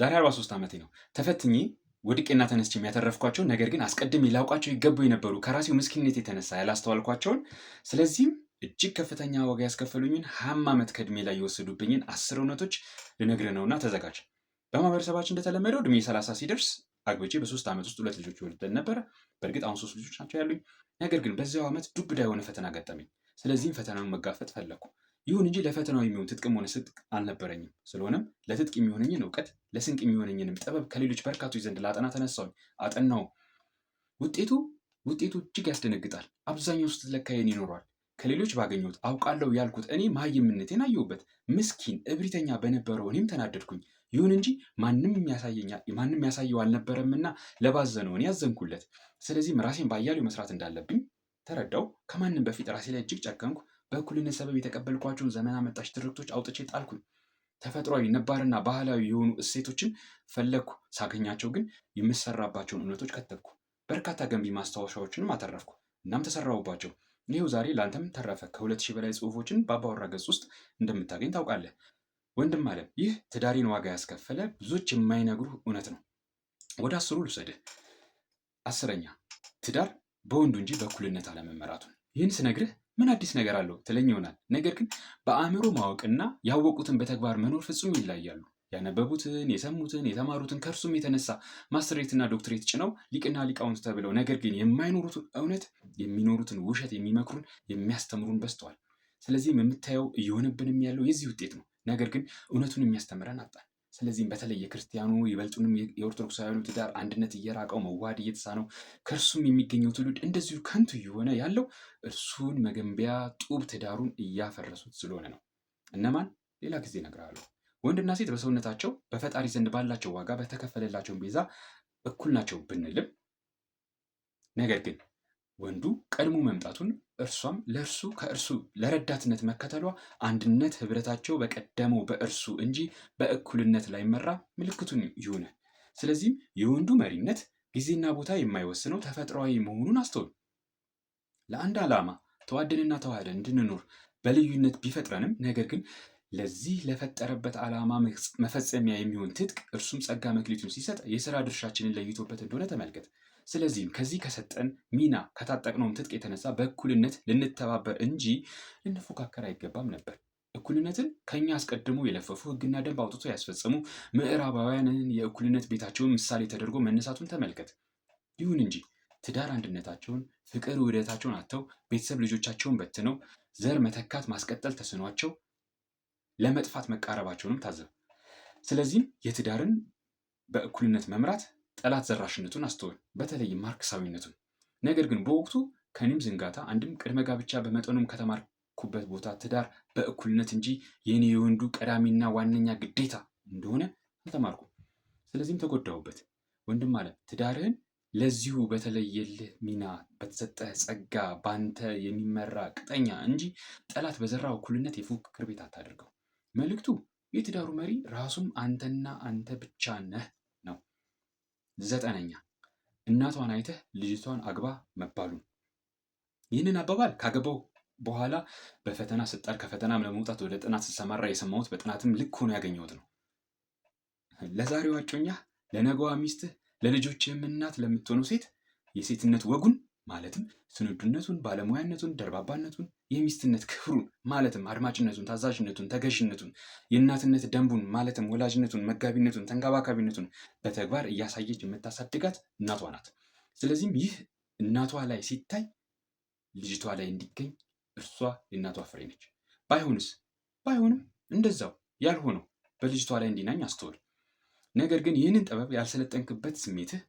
ዛሬ 43 ዓመቴ ነው። ተፈትኜ ወድቄና ተነስቼ የሚያተረፍኳቸው ነገር ግን አስቀድሜ ላውቃቸው ይገቡ የነበሩ ከራሴው ምስኪንነት የተነሳ ያላስተዋልኳቸውን ስለዚህም እጅግ ከፍተኛ ዋጋ ያስከፈሉኝን ሀም ዓመት ከእድሜ ላይ የወሰዱብኝን አስር እውነቶች ልነግርህ ነውና ተዘጋጅ። በማህበረሰባችን እንደተለመደው እድሜ 30 ሲደርስ አግብቼ በሶስት ዓመት ውስጥ ሁለት ልጆች ወልደን ነበረ። በእርግጥ አሁን ሶስት ልጆች ናቸው ያሉኝ። ነገር ግን በዚያው ዓመት ዱብ እዳ የሆነ ፈተና ገጠመኝ። ስለዚህም ፈተናውን መጋፈጥ ፈለግኩ። ይሁን እንጂ ለፈተናው የሚሆን ትጥቅም ሆነ ስጥቅ አልነበረኝም። ስለሆነም ለትጥቅ የሚሆነኝን እውቀት ለስንቅ የሚሆነኝንም ጥበብ ከሌሎች በርካቶች ዘንድ ላጠና ተነሳው አጠናው ውጤቱ ውጤቱ እጅግ ያስደነግጣል። አብዛኛው ውስጥ ለካየን ይኖሯል። ከሌሎች ባገኘሁት አውቃለሁ ያልኩት እኔ መሃይምነቴን አየሁበት። ምስኪን እብሪተኛ በነበረው እኔም ተናደድኩኝ። ይሁን እንጂ ማንም ማንም ያሳየው አልነበረምና ለባዘነው እኔ ያዘንኩለት። ስለዚህም ራሴን ባያሌው መስራት እንዳለብኝ ተረዳው። ከማንም በፊት ራሴ ላይ እጅግ ጨከንኩ። በእኩልነት ሰበብ የተቀበልኳቸውን ዘመን አመጣሽ ትርክቶች አውጥቼ ጣልኩኝ። ተፈጥሯዊ ነባርና ባህላዊ የሆኑ እሴቶችን ፈለግኩ። ሳገኛቸው ግን የምሰራባቸውን እውነቶች ከተብኩ። በርካታ ገንቢ ማስታወሻዎችንም አተረፍኩ። እናም ተሰራውባቸው። ይኸው ዛሬ ለአንተም ተረፈ። ከሁለት ሺህ በላይ ጽሁፎችን በአባወራ ገጽ ውስጥ እንደምታገኝ ታውቃለህ። ወንድም አለም፣ ይህ ትዳሬን ዋጋ ያስከፈለ ብዙዎች የማይነግሩ እውነት ነው። ወደ አስሩ ልውሰድህ። አስረኛ ትዳር በወንዱ እንጂ በእኩልነት አለመመራቱን። ይህን ስነግርህ ምን አዲስ ነገር አለው ትለኝ ይሆናል። ነገር ግን በአእምሮ ማወቅና ያወቁትን በተግባር መኖር ፍጹም ይለያሉ። ያነበቡትን፣ የሰሙትን፣ የተማሩትን ከእርሱም የተነሳ ማስተሬትና ዶክትሬት ጭነው ሊቅና ሊቃውንት ተብለው ነገር ግን የማይኖሩትን እውነት የሚኖሩትን ውሸት የሚመክሩን የሚያስተምሩን በዝተዋል። ስለዚህም የምታየው እየሆነብንም ያለው የዚህ ውጤት ነው። ነገር ግን እውነቱን የሚያስተምረን አጣን። ስለዚህም በተለይ የክርስቲያኑ ይበልጡንም የኦርቶዶክሳውያኑ ትዳር አንድነት እየራቀው መዋድ እየተሳነው ከእርሱም የሚገኘው ትውልድ እንደዚሁ ከንቱ እየሆነ ያለው እርሱን መገንቢያ ጡብ ትዳሩን እያፈረሱት ስለሆነ ነው። እነማን? ሌላ ጊዜ እነግርሃለሁ። ወንድና ሴት በሰውነታቸው በፈጣሪ ዘንድ ባላቸው ዋጋ በተከፈለላቸውን ቤዛ እኩል ናቸው ብንልም ነገር ግን ወንዱ ቀድሞ መምጣቱን እርሷም ለእርሱ ከእርሱ ለረዳትነት መከተሏ አንድነት ህብረታቸው በቀደመው በእርሱ እንጂ በእኩልነት ላይመራ ምልክቱን ይሁን። ስለዚህም የወንዱ መሪነት ጊዜና ቦታ የማይወስነው ተፈጥሯዊ መሆኑን አስተውል። ለአንድ ዓላማ ተዋደንና ተዋህደን እንድንኖር በልዩነት ቢፈጥረንም ነገር ግን ለዚህ ለፈጠረበት ዓላማ መፈጸሚያ የሚሆን ትጥቅ እርሱም ጸጋ መክሊቱን ሲሰጥ የሥራ ድርሻችንን ለይቶበት እንደሆነ ተመልከት። ስለዚህም ከዚህ ከሰጠን ሚና ከታጠቅነውም ትጥቅ የተነሳ በእኩልነት ልንተባበር እንጂ ልንፎካከር አይገባም ነበር። እኩልነትን ከኛ አስቀድሞ የለፈፉ ሕግና ደንብ አውጥቶ ያስፈጸሙ ምዕራባውያንን የእኩልነት ቤታቸውን ምሳሌ ተደርጎ መነሳቱን ተመልከት። ይሁን እንጂ ትዳር አንድነታቸውን፣ ፍቅር ውህደታቸውን አጥተው ቤተሰብ ልጆቻቸውን በትነው ዘር መተካት ማስቀጠል ተስኗቸው ለመጥፋት መቃረባቸውንም ታዘብ። ስለዚህም የትዳርን በእኩልነት መምራት ጠላት ዘራሽነቱን አስተውል፣ በተለይም ማርክሳዊነቱን። ነገር ግን በወቅቱ ከኔም ዝንጋታ አንድም ቅድመ ጋብቻ በመጠኑም ከተማርኩበት ቦታ ትዳር በእኩልነት እንጂ የኔ የወንዱ ቀዳሚና ዋነኛ ግዴታ እንደሆነ አልተማርኩም። ስለዚህም ተጎዳሁበት። ወንድም አለ ትዳርህን ለዚሁ በተለየልህ ሚና በተሰጠህ ጸጋ ባንተ የሚመራ ቅጠኛ እንጂ ጠላት በዘራው እኩልነት የፉክክር ቤት አታደርገው። መልእክቱ የትዳሩ መሪ ራሱም አንተና አንተ ብቻ ነህ ነው። ዘጠነኛ እናቷን አይተህ ልጅቷን አግባ መባሉ። ይህንን አባባል ካገባው በኋላ በፈተና ስጣር ከፈተናም ለመውጣት ወደ ጥናት ስሰማራ የሰማሁት በጥናትም ልክ ሆኖ ያገኘሁት ነው። ለዛሬዋ አጮኛ ለነገዋ ሚስትህ፣ ለልጆችህም እናት ለምትሆነው ሴት የሴትነት ወጉን ማለትም ስንዱነቱን፣ ባለሙያነቱን፣ ደርባባነቱን የሚስትነት ክብሩን ማለትም አድማጭነቱን፣ ታዛዥነቱን፣ ተገዥነቱን የእናትነት ደንቡን ማለትም ወላጅነቱን፣ መጋቢነቱን፣ ተንከባካቢነቱን በተግባር እያሳየች የምታሳድጋት እናቷ ናት። ስለዚህም ይህ እናቷ ላይ ሲታይ ልጅቷ ላይ እንዲገኝ እርሷ የእናቷ ፍሬ ነች። ባይሆንስ ባይሆንም እንደዛው ያልሆነው በልጅቷ ላይ እንዲናኝ አስተውል። ነገር ግን ይህንን ጥበብ ያልሰለጠንክበት ስሜትህ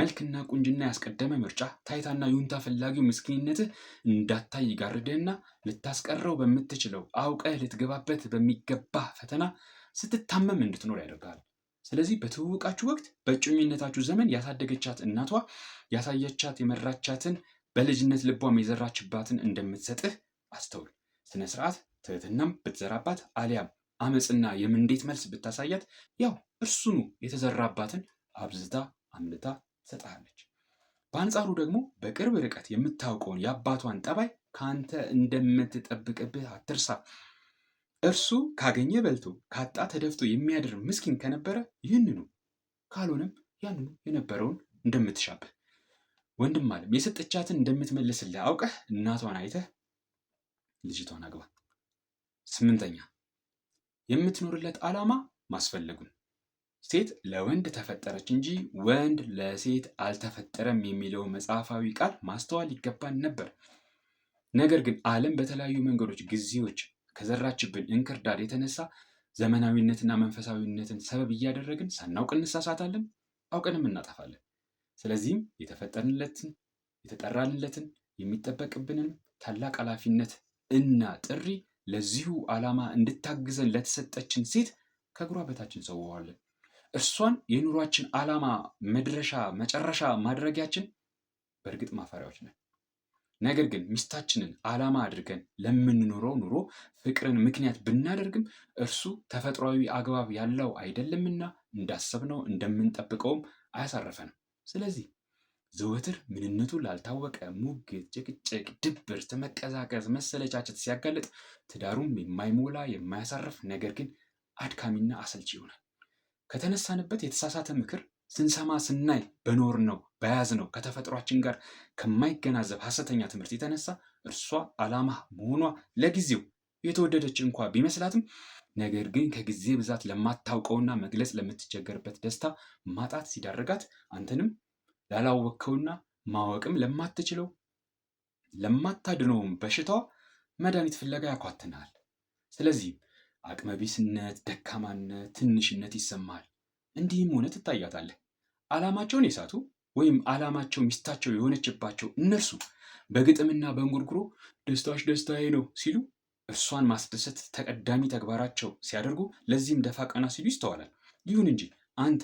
መልክና ቁንጅና ያስቀደመ ምርጫ፣ ታይታና ዩንታ ፈላጊው ምስኪንነትህ እንዳታይ ጋርደና ልታስቀረው በምትችለው አውቀህ ልትገባበት በሚገባ ፈተና ስትታመም እንድትኖር ያደርጋል። ስለዚህ በትውውቃችሁ ወቅት በእጮኝነታችሁ ዘመን ያሳደገቻት እናቷ ያሳየቻት የመራቻትን በልጅነት ልቧም የዘራችባትን እንደምትሰጥህ አስተውል። ስነ ስርዓት ትህትናም ብትዘራባት አሊያም አመፅና የምንዴት መልስ ብታሳያት ያው እርሱኑ የተዘራባትን አብዝታ አምልታ ትሰጥሃለች። በአንጻሩ ደግሞ በቅርብ ርቀት የምታውቀውን የአባቷን ጠባይ ከአንተ እንደምትጠብቅብህ አትርሳ። እርሱ ካገኘ በልቶ ካጣ ተደፍቶ የሚያድር ምስኪን ከነበረ ይህንኑ ካልሆነም ያንኑ የነበረውን እንደምትሻብህ ወንድም ዓለም የሰጠቻትን እንደምትመልስልህ አውቀህ እናቷን አይተህ ልጅቷን አግባ። ስምንተኛ የምትኖርለት ዓላማ ማስፈለጉን ሴት ለወንድ ተፈጠረች እንጂ ወንድ ለሴት አልተፈጠረም የሚለው መጽሐፋዊ ቃል ማስተዋል ይገባን ነበር። ነገር ግን ዓለም በተለያዩ መንገዶች ጊዜዎች ከዘራችብን እንክርዳድ የተነሳ ዘመናዊነትና መንፈሳዊነትን ሰበብ እያደረግን ሳናውቅ እንሳሳታለን፣ አውቀንም እናጠፋለን። ስለዚህም የተፈጠርንለትን የተጠራንለትን የሚጠበቅብንን ታላቅ ኃላፊነት እና ጥሪ ለዚሁ ዓላማ እንድታግዘን ለተሰጠችን ሴት ከእግሯ በታችን ሰውዋለን። እርሷን የኑሯችን ዓላማ መድረሻ መጨረሻ ማድረጊያችን በእርግጥ ማፈሪያዎች ነን። ነገር ግን ሚስታችንን ዓላማ አድርገን ለምንኖረው ኑሮ ፍቅርን ምክንያት ብናደርግም እርሱ ተፈጥሯዊ አግባብ ያለው አይደለምና እንዳሰብነው እንደምንጠብቀውም አያሳረፈንም። ስለዚህ ዘወትር ምንነቱ ላልታወቀ ሙግት፣ ጭቅጭቅ፣ ድብርት፣ መቀዛቀዝ፣ መሰለቻቸት ሲያጋልጥ ትዳሩም የማይሞላ የማያሳርፍ ነገር ግን አድካሚና አሰልቺ ይሆናል። ከተነሳንበት የተሳሳተ ምክር ስንሰማ ስናይ በኖር ነው በያዝ ነው ከተፈጥሯችን ጋር ከማይገናዘብ ሐሰተኛ ትምህርት የተነሳ እርሷ ዓላማ መሆኗ ለጊዜው የተወደደች እንኳ ቢመስላትም ነገር ግን ከጊዜ ብዛት ለማታውቀውና መግለጽ ለምትቸገርበት ደስታ ማጣት ሲዳረጋት አንተንም ላላወቅከውና ማወቅም ለማትችለው ለማታድነውም በሽታዋ መድኃኒት ፍለጋ ያኳትናል። ስለዚህም አቅመቢስነት፣ ደካማነት፣ ትንሽነት ይሰማል። እንዲህም ሆነ ትታያታለህ። ዓላማቸውን የሳቱ ወይም ዓላማቸው ሚስታቸው የሆነችባቸው እነርሱ በግጥምና በእንጉርጉሮ ደስታሽ ደስታዬ ነው ሲሉ እርሷን ማስደሰት ተቀዳሚ ተግባራቸው ሲያደርጉ ለዚህም ደፋ ቀና ሲሉ ይስተዋላል። ይሁን እንጂ አንተ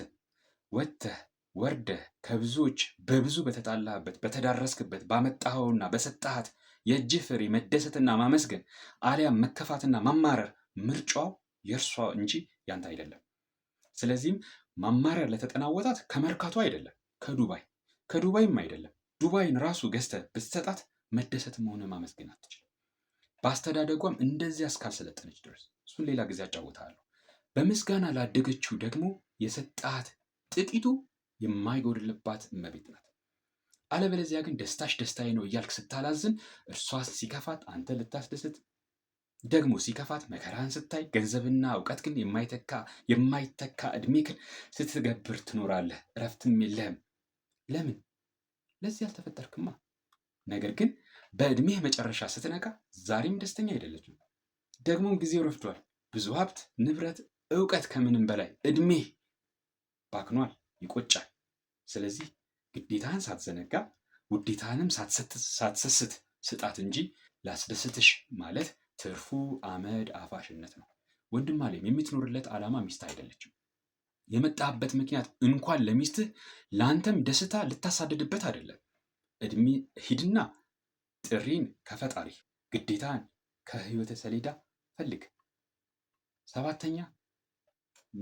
ወጥተህ ወርደህ ከብዙዎች በብዙ በተጣላህበት በተዳረስክበት ባመጣኸውና በሰጠሃት የእጅ ፍሬ መደሰትና ማመስገን አሊያም መከፋትና ማማረር ምርጫው የእርሷ እንጂ ያንተ አይደለም። ስለዚህም ማማሪያ ለተጠናወጣት ከመርካቶ አይደለም፣ ከዱባይ ከዱባይም አይደለም። ዱባይን ራሱ ገዝተ ብትሰጣት መደሰት መሆነ ማመስገን አትችልም። በአስተዳደጓም እንደዚያ እስካልሰለጠነች ድረስ እሱን ሌላ ጊዜ አጫውታለሁ። በምስጋና ላደገችው ደግሞ የሰጣት ጥቂቱ የማይጎድልባት እመቤት ናት። አለበለዚያ ግን ደስታሽ ደስታዬ ነው እያልክ ስታላዝን እርሷ ሲከፋት አንተ ልታስደስት ደግሞ ሲከፋት መከራን ስታይ ገንዘብና እውቀት ግን የማይተካ የማይተካ እድሜ ግን ስትገብር ትኖራለህ፣ እረፍትም የለህም። ለምን? ለዚህ አልተፈጠርክማ። ነገር ግን በእድሜህ መጨረሻ ስትነቃ ዛሬም ደስተኛ አይደለችም። ደግሞም ጊዜው ረፍዷል። ብዙ ሀብት፣ ንብረት፣ እውቀት ከምንም በላይ እድሜህ ባክኗል፣ ይቆጫል። ስለዚህ ግዴታህን ሳትዘነጋ ውዴታህንም ሳትሰስት ስጣት እንጂ ላስደስትሽ ማለት ትርፉ አመድ አፋሽነት ነው። ወንድም አለም የምትኖርለት ዓላማ ሚስት አይደለችም። የመጣህበት ምክንያት እንኳን ለሚስትህ ለአንተም ደስታ ልታሳድድበት አይደለም። እድሜ ሂድና ጥሪን ከፈጣሪ ግዴታን ከህይወተ ሰሌዳ ፈልግ። ሰባተኛ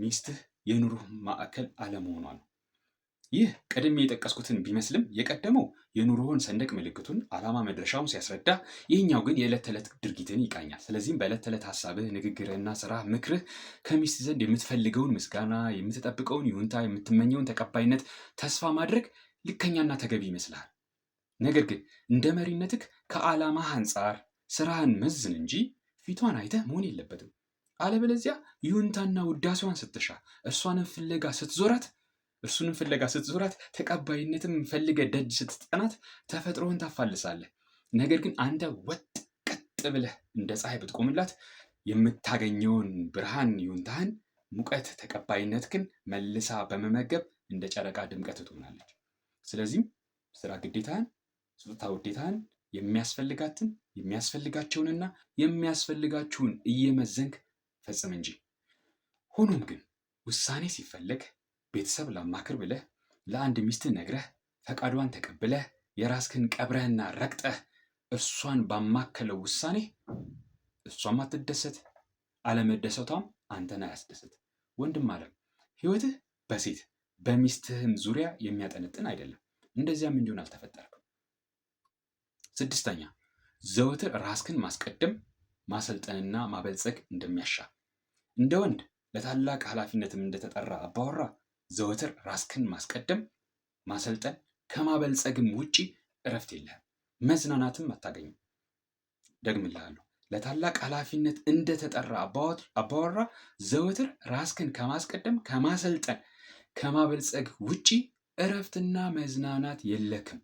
ሚስትህ የኑሮህ ማዕከል አለመሆኗ ነው። ይህ ቀድሜ የጠቀስኩትን ቢመስልም የቀደመው የኑሮውን ሰንደቅ ምልክቱን ዓላማ መድረሻውን ሲያስረዳ፣ ይህኛው ግን የዕለት ተዕለት ድርጊትን ይቃኛል። ስለዚህም በዕለት ተዕለት ሀሳብህ፣ ንግግርህና ስራ ምክርህ ከሚስት ዘንድ የምትፈልገውን ምስጋና፣ የምትጠብቀውን ይሁንታ፣ የምትመኘውን ተቀባይነት ተስፋ ማድረግ ልከኛና ተገቢ ይመስልሃል። ነገር ግን እንደ መሪነትህ ከዓላማህ አንጻር ስራህን መዝን እንጂ ፊቷን አይተህ መሆን የለበትም። አለበለዚያ ይሁንታና ውዳሴዋን ስትሻ እርሷንም ፍለጋ ስትዞራት እሱንም ፍለጋ ስትዞራት ተቀባይነትም ፈልገ ደጅ ስትጠናት ተፈጥሮህን ታፋልሳለህ። ነገር ግን አንተ ወጥ ቀጥ ብለህ እንደ ፀሐይ ብትቆምላት የምታገኘውን ብርሃን ይሁንታህን፣ ሙቀት፣ ተቀባይነት ግን መልሳ በመመገብ እንደ ጨረቃ ድምቀት ትሆናለች። ስለዚህም ስራ ግዴታህን፣ ጾታ ውዴታህን፣ የሚያስፈልጋትን የሚያስፈልጋቸውንና የሚያስፈልጋችሁን እየመዘንክ ፈጽም እንጂ ሆኖም ግን ውሳኔ ሲፈለግ ቤተሰብ ላማክር ብለህ ለአንድ ሚስት ነግረህ ፈቃዷን ተቀብለህ የራስህን ቀብረህና ረግጠህ እርሷን ባማከለው ውሳኔ እሷም አትደሰት፣ አለመደሰቷም አንተን አያስደስት። ወንድም አለም ህይወትህ በሴት በሚስትህም ዙሪያ የሚያጠነጥን አይደለም። እንደዚያም እንዲሆን አልተፈጠርክም። ስድስተኛ ዘወትር ራስክን ማስቀደም ማሰልጠንና ማበልጸግ እንደሚያሻ እንደ ወንድ ለታላቅ ኃላፊነትም እንደተጠራ አባወራ ዘወትር ራስክን ማስቀደም፣ ማሰልጠን ከማበልጸግም ውጪ እረፍት የለህም፣ መዝናናትም አታገኝም። ደግምልሃለሁ ለታላቅ ኃላፊነት እንደተጠራ አባወራ ዘወትር ራስክን ከማስቀደም፣ ከማሰልጠን፣ ከማበልጸግ ውጪ እረፍትና መዝናናት የለክም።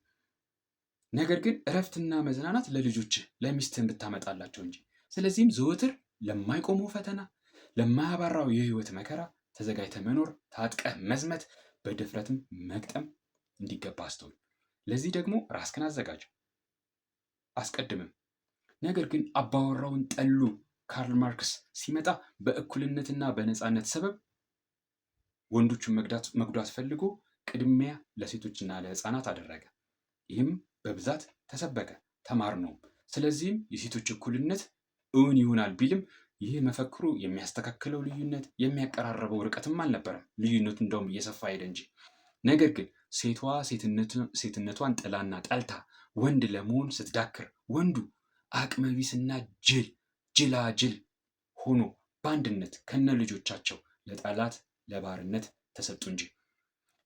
ነገር ግን እረፍትና መዝናናት ለልጆች ለሚስት ብታመጣላቸው እንጂ። ስለዚህም ዘወትር ለማይቆመው ፈተና፣ ለማያባራው የህይወት መከራ ተዘጋጅተ መኖር፣ ታጥቀ መዝመት፣ በድፍረትም መግጠም እንዲገባ አስተውል። ለዚህ ደግሞ ራስክን አዘጋጅ አስቀድምም። ነገር ግን አባወራውን ጠሉ ካርል ማርክስ ሲመጣ በእኩልነትና በነፃነት ሰበብ ወንዶቹን መጉዳት ፈልጎ ቅድሚያ ለሴቶችና ለህፃናት አደረገ። ይህም በብዛት ተሰበከ ነው ስለዚህም የሴቶች እኩልነት እውን ይሆናል ቢልም ይህ መፈክሩ የሚያስተካክለው ልዩነት የሚያቀራረበው ርቀትም አልነበረም። ልዩነቱ እንደውም እየሰፋ ሄደ እንጂ። ነገር ግን ሴቷ ሴትነቷን ጥላና ጠልታ ወንድ ለመሆን ስትዳክር፣ ወንዱ አቅመቢስና ጅል ጅላጅል ሆኖ በአንድነት ከነ ልጆቻቸው ለጠላት ለባርነት ተሰጡ እንጂ።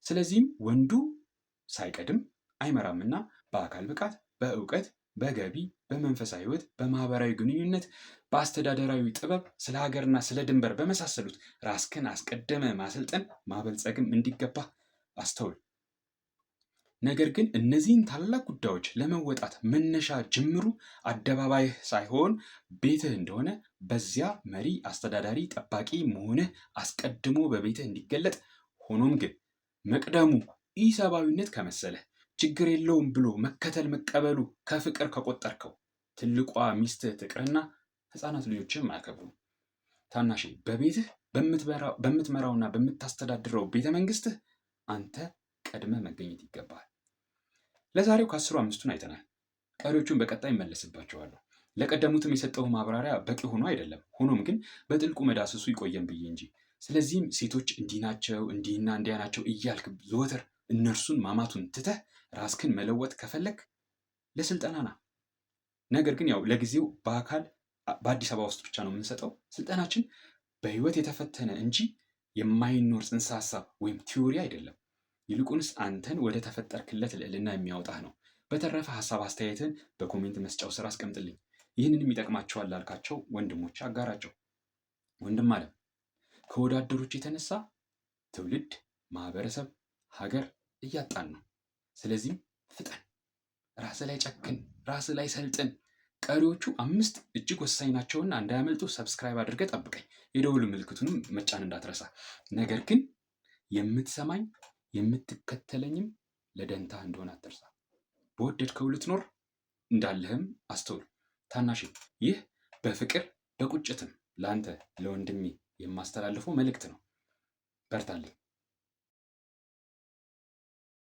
ስለዚህም ወንዱ ሳይቀድም አይመራምና በአካል ብቃት፣ በእውቀት፣ በገቢ፣ በመንፈሳዊ ህይወት በማህበራዊ ግንኙነት፣ በአስተዳደራዊ ጥበብ፣ ስለ ሀገርና ስለ ድንበር በመሳሰሉት ራስክን አስቀደመ ማሰልጠን ማበልጸግም እንዲገባ አስተውል። ነገር ግን እነዚህን ታላቅ ጉዳዮች ለመወጣት መነሻ ጅምሩ አደባባይህ ሳይሆን ቤትህ እንደሆነ በዚያ መሪ፣ አስተዳዳሪ፣ ጠባቂ መሆንህ አስቀድሞ በቤትህ እንዲገለጥ ሆኖም ግን መቅደሙ ኢሰብአዊነት ከመሰለህ ችግር የለውም ብሎ መከተል መቀበሉ ከፍቅር ከቆጠርከው ትልቋ ሚስትህ ትቅርና ህፃናት ልጆችም አያከብሩም። ታናሽ በቤትህ በምትመራውና በምታስተዳድረው ቤተ መንግስትህ አንተ ቀድመ መገኘት ይገባል። ለዛሬው ከአስሩ አምስቱን አይተናል። ቀሪዎቹን በቀጣይ ይመለስባቸዋለሁ። ለቀደሙትም የሰጠው ማብራሪያ በቂ ሆኖ አይደለም። ሆኖም ግን በጥልቁ መዳሰሱ ይቆየን ብዬ እንጂ ስለዚህም ሴቶች እንዲህ ናቸው እንዲህና እንዲያ ናቸው እያልክ ዘወትር እነርሱን ማማቱን ትተህ ራስክን መለወጥ ከፈለግ ለስልጠና ና። ነገር ግን ያው ለጊዜው በአካል በአዲስ አበባ ውስጥ ብቻ ነው የምንሰጠው። ስልጠናችን በህይወት የተፈተነ እንጂ የማይኖር ጽንሰ ሀሳብ ወይም ቲዎሪ አይደለም። ይልቁንስ አንተን ወደ ተፈጠርክለት ልዕልና የሚያወጣህ ነው። በተረፈ ሀሳብ አስተያየትን በኮሜንት መስጫው ስራ አስቀምጥልኝ። ይህንንም ይጠቅማቸዋል ላልካቸው ወንድሞች አጋራቸው። ወንድም አለም ከወዳደሮች የተነሳ ትውልድ፣ ማህበረሰብ፣ ሀገር እያጣን ነው። ስለዚህም ፍጠን፣ ራስ ላይ ጨክን፣ ራስ ላይ ሰልጥን። ቀሪዎቹ አምስት እጅግ ወሳኝ ናቸውና እንዳያመልጡ ሰብስክራይብ አድርገ ጠብቀኝ። የደውል ምልክቱንም መጫን እንዳትረሳ። ነገር ግን የምትሰማኝ የምትከተለኝም ለደንታ እንደሆነ አትርሳ። በወደድከው ልትኖር እንዳለህም አስተውል። ታናሽ ይህ በፍቅር በቁጭትም ለአንተ ለወንድሜ የማስተላልፈው መልእክት ነው። በርታልኝ።